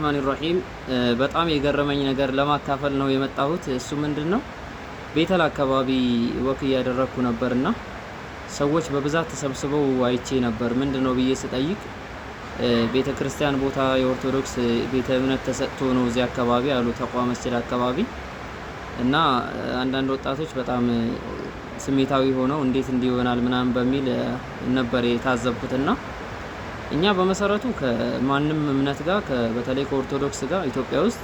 ረህማን ራሂም በጣም የገረመኝ ነገር ለማካፈል ነው የመጣሁት። እሱ ምንድን ነው ቤተል አካባቢ ወክ እያደረግኩ ነበርና ሰዎች በብዛት ተሰብስበው አይቼ ነበር። ምንድን ነው ብዬ ስጠይቅ ቤተ ክርስቲያን ቦታ የኦርቶዶክስ ቤተ እምነት ተሰጥቶ ነው እዚህ አካባቢ አሉ ተቋም መስጂድ አካባቢ እና አንዳንድ ወጣቶች በጣም ስሜታዊ ሆነው እንዴት እንዲሆናል ምናምን በሚል ነበር የታዘብኩትና እኛ በመሰረቱ ከማንም እምነት ጋር በተለይ ከኦርቶዶክስ ጋር ኢትዮጵያ ውስጥ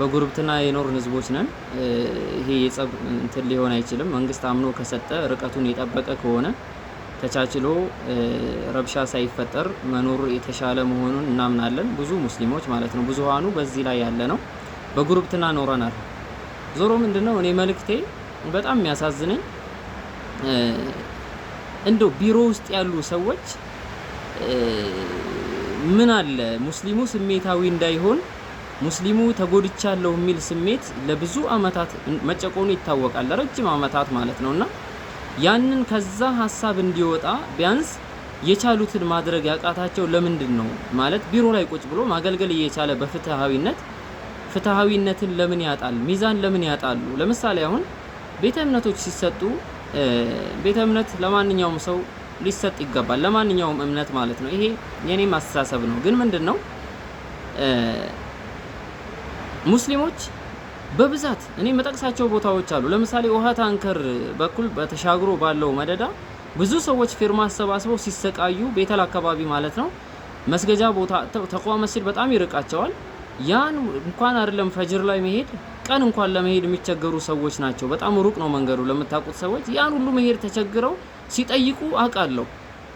በጉርብትና የኖርን ህዝቦች ነን። ይሄ የጸብ እንትን ሊሆን አይችልም። መንግስት አምኖ ከሰጠ ርቀቱን የጠበቀ ከሆነ ተቻችሎ ረብሻ ሳይፈጠር መኖር የተሻለ መሆኑን እናምናለን። ብዙ ሙስሊሞች ማለት ነው፣ ብዙሃኑ በዚህ ላይ ያለ ነው። በጉርብትና ኖረናል። ዞሮ ምንድነው እኔ መልእክቴ በጣም የሚያሳዝነኝ እንደው ቢሮ ውስጥ ያሉ ሰዎች ምን አለ ሙስሊሙ ስሜታዊ እንዳይሆን ሙስሊሙ ተጎድቻለሁ የሚል ስሜት ለብዙ አመታት መጨቆኑ ይታወቃል። ለረጅም አመታት ማለት ነውና ያንን ከዛ ሀሳብ እንዲወጣ ቢያንስ የቻሉትን ማድረግ ያቃታቸው ለምንድን ነው ማለት ቢሮ ላይ ቁጭ ብሎ ማገልገል እየቻለ በፍትሃዊነት ፍትሃዊነትን ለምን ያጣል? ሚዛን ለምን ያጣሉ? ለምሳሌ አሁን ቤተ እምነቶች ሲሰጡ ቤተ እምነት ለማንኛውም ሰው ሊሰጥ ይገባል፣ ለማንኛውም እምነት ማለት ነው። ይሄ የኔም አስተሳሰብ ነው። ግን ምንድን ነው ሙስሊሞች በብዛት እኔ መጠቅሳቸው ቦታዎች አሉ። ለምሳሌ ውሃ ታንከር በኩል በተሻግሮ ባለው መደዳ ብዙ ሰዎች ፊርማ አሰባስበው ሲሰቃዩ፣ ቤተል አካባቢ ማለት ነው። መስገጃ ቦታ ተቋም መስጂድ በጣም ይርቃቸዋል። ያን እንኳን አይደለም ፈጅር ላይ መሄድ ቀን እንኳን ለመሄድ የሚቸገሩ ሰዎች ናቸው። በጣም ሩቅ ነው መንገዱ ለምታውቁት ሰዎች ያን ሁሉ መሄድ ተቸግረው ሲጠይቁ አውቃለሁ።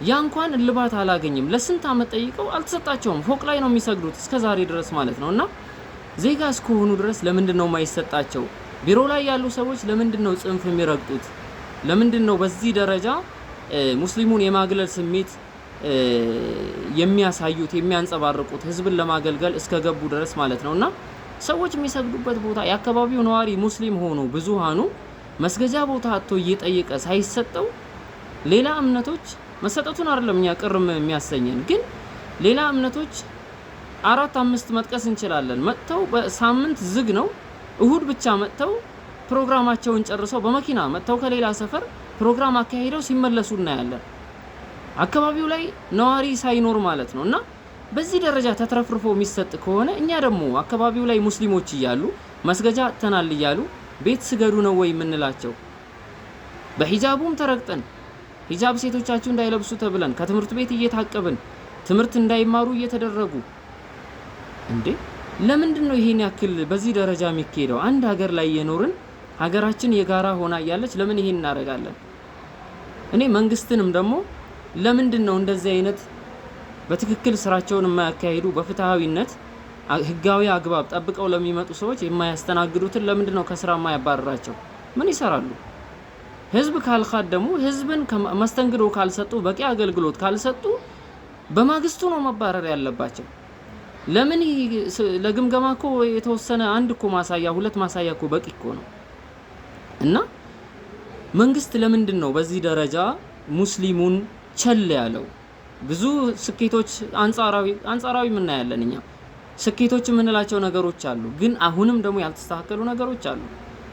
ያ እንኳን እልባት አላገኝም። ለስንት አመት ጠይቀው አልተሰጣቸውም። ፎቅ ላይ ነው የሚሰግዱት እስከ ዛሬ ድረስ ማለት ነው። እና ዜጋ እስከሆኑ ድረስ ለምንድን ነው የማይሰጣቸው? ቢሮ ላይ ያሉ ሰዎች ለምንድን ነው ጽንፍ የሚረግጡት? ለምንድን ነው በዚህ ደረጃ ሙስሊሙን የማግለል ስሜት የሚያሳዩት የሚያንጸባርቁት? ህዝብን ለማገልገል እስከ ገቡ ድረስ ማለት ነውና ሰዎች የሚሰግዱበት ቦታ የአካባቢው ነዋሪ ሙስሊም ሆኖ ብዙሃኑ መስገጃ ቦታ አጥቶ እየጠየቀ ሳይሰጠው ሌላ እምነቶች መሰጠቱን አይደለም እኛ ቅርም የሚያሰኘን ግን ሌላ እምነቶች አራት አምስት መጥቀስ እንችላለን። መጥተው በሳምንት ዝግ ነው እሁድ ብቻ መጥተው ፕሮግራማቸውን ጨርሰው በመኪና መጥተው ከሌላ ሰፈር ፕሮግራም አካሂደው ሲመለሱ እናያለን። አካባቢው ላይ ነዋሪ ሳይኖር ማለት ነው እና በዚህ ደረጃ ተትረፍርፎ የሚሰጥ ከሆነ እኛ ደግሞ አካባቢው ላይ ሙስሊሞች እያሉ መስገጃ ተናል እያሉ ቤት ስገዱ ነው ወይ የምንላቸው? በሂጃቡም ተረግጠን ሂጃብ ሴቶቻችሁ እንዳይለብሱ ተብለን ከትምህርት ቤት እየታቀብን ትምህርት እንዳይማሩ እየተደረጉ እንዴ ለምንድን ነው ይሄን ያክል በዚህ ደረጃ የሚካሄደው? አንድ ሀገር ላይ የኖርን ሀገራችን የጋራ ሆና እያለች ለምን ይሄን እናደርጋለን? እኔ መንግስትንም ደግሞ ለምንድን ነው እንደዚህ አይነት በትክክል ስራቸውን የማያካሂዱ በፍትሐዊነት ህጋዊ አግባብ ጠብቀው ለሚመጡ ሰዎች የማያስተናግዱትን ለምንድን ነው ከስራ የማያባረራቸው? ምን ይሰራሉ? ህዝብ ካልካድ ደግሞ ህዝብን መስተንግዶ ካልሰጡ፣ በቂ አገልግሎት ካልሰጡ በማግስቱ ነው መባረር ያለባቸው። ለምን ለግምገማ እኮ የተወሰነ አንድ እኮ ማሳያ ሁለት ማሳያ እኮ በቂ እኮ ነው። እና መንግስት ለምንድን ነው በዚህ ደረጃ ሙስሊሙን ቸል ያለው? ብዙ ስኬቶች አንጻራዊ አንጻራዊ የምናያለን እኛ ስኬቶች የምንላቸው ነገሮች አሉ። ግን አሁንም ደግሞ ያልተስተካከሉ ነገሮች አሉ።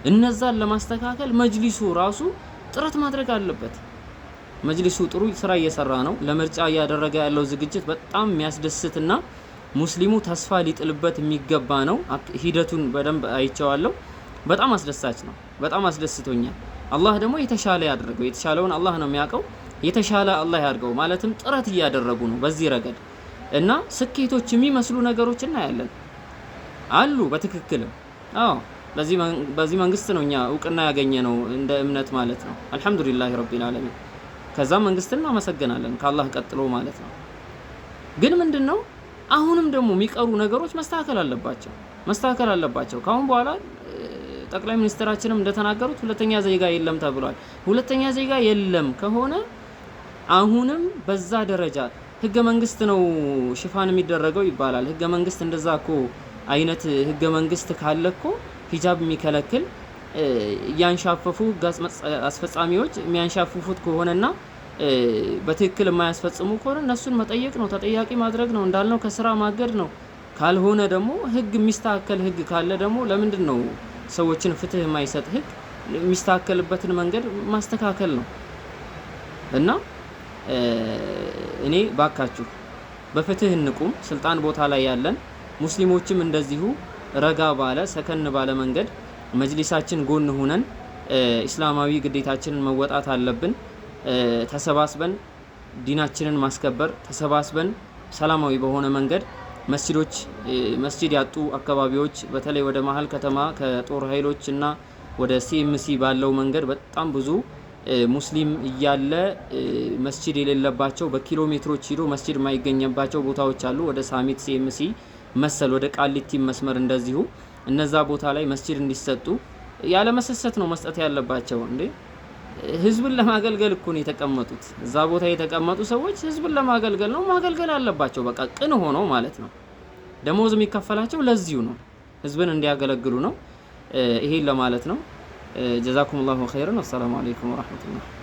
እነዛን ለማስተካከል መጅሊሱ ራሱ ጥረት ማድረግ አለበት። መጅሊሱ ጥሩ ስራ እየሰራ ነው። ለምርጫ እያደረገ ያለው ዝግጅት በጣም የሚያስደስትና ሙስሊሙ ተስፋ ሊጥልበት የሚገባ ነው። ሂደቱን በደንብ አይቸዋለሁ። በጣም አስደሳች ነው። በጣም አስደስቶኛል። አላህ ደግሞ የተሻለ ያደረገው የተሻለውን አላህ ነው የሚያውቀው። የተሻለ አላህ ያድርገው ማለትም ጥረት እያደረጉ ነው በዚህ ረገድ እና ስኬቶች የሚመስሉ ነገሮች እናያለን አሉ። በትክክልም አዎ፣ በዚህ መንግስት ነው እኛ እውቅና ያገኘ ነው እንደ እምነት ማለት ነው። አልሐምዱሊላህ ረቢል ዓለሚን። ከዛም መንግስት እናመሰግናለን ከአላህ ቀጥሎ ማለት ነው። ግን ምንድን ነው አሁንም ደግሞ የሚቀሩ ነገሮች መስተካከል አለባቸው፣ መስተካከል አለባቸው። ከአሁን በኋላ ጠቅላይ ሚኒስትራችንም እንደተናገሩት ሁለተኛ ዜጋ የለም ተብሏል። ሁለተኛ ዜጋ የለም ከሆነ አሁንም በዛ ደረጃ ህገ መንግስት ነው ሽፋን የሚደረገው ይባላል። ህገ መንግስት እንደዛ ኮ አይነት ህገ መንግስት ካለ ኮ ሂጃብ የሚከለክል እያንሻፈፉ ህግ አስፈጻሚዎች የሚያንሻፍፉት ከሆነና በትክክል የማያስፈጽሙ ከሆነ እነሱን መጠየቅ ነው፣ ተጠያቂ ማድረግ ነው፣ እንዳልነው ከስራ ማገድ ነው። ካልሆነ ደግሞ ህግ የሚስተካከል ህግ ካለ ደግሞ ለምንድን ነው ሰዎችን ፍትህ የማይሰጥ ህግ? የሚስተካከልበትን መንገድ ማስተካከል ነው እና እኔ ባካችሁ በፍትህ እንቁም። ስልጣን ቦታ ላይ ያለን ሙስሊሞችም እንደዚሁ ረጋ ባለ ሰከን ባለ መንገድ መጅሊሳችን ጎን ሁነን ኢስላማዊ ግዴታችንን መወጣት አለብን። ተሰባስበን ዲናችንን ማስከበር ተሰባስበን ሰላማዊ በሆነ መንገድ መስጂዶች መስጂድ ያጡ አካባቢዎች በተለይ ወደ መሀል ከተማ ከጦር ኃይሎች እና ወደ ሲኤምሲ ባለው መንገድ በጣም ብዙ ሙስሊም እያለ መስጅድ የሌለባቸው በኪሎ ሜትሮች ሂዶ መስጅድ የማይገኘባቸው ቦታዎች አሉ። ወደ ሳሚት ሲኤምሲ መሰል ወደ ቃሊቲ መስመር እንደዚሁ እነዛ ቦታ ላይ መስጅድ እንዲሰጡ ያለ መሰሰት ነው መስጠት ያለባቸው። እንዴ ህዝብን ለማገልገል እኮ ነው የተቀመጡት። እዛ ቦታ የተቀመጡ ሰዎች ህዝብን ለማገልገል ነው፣ ማገልገል አለባቸው። በቃ ቅን ሆነው ማለት ነው። ደሞዝ የሚከፈላቸው ለዚሁ ነው፣ ህዝብን እንዲያገለግሉ ነው። ይሄን ለማለት ነው። جزاكم الله خيرا والسلام عليكم ورحمة الله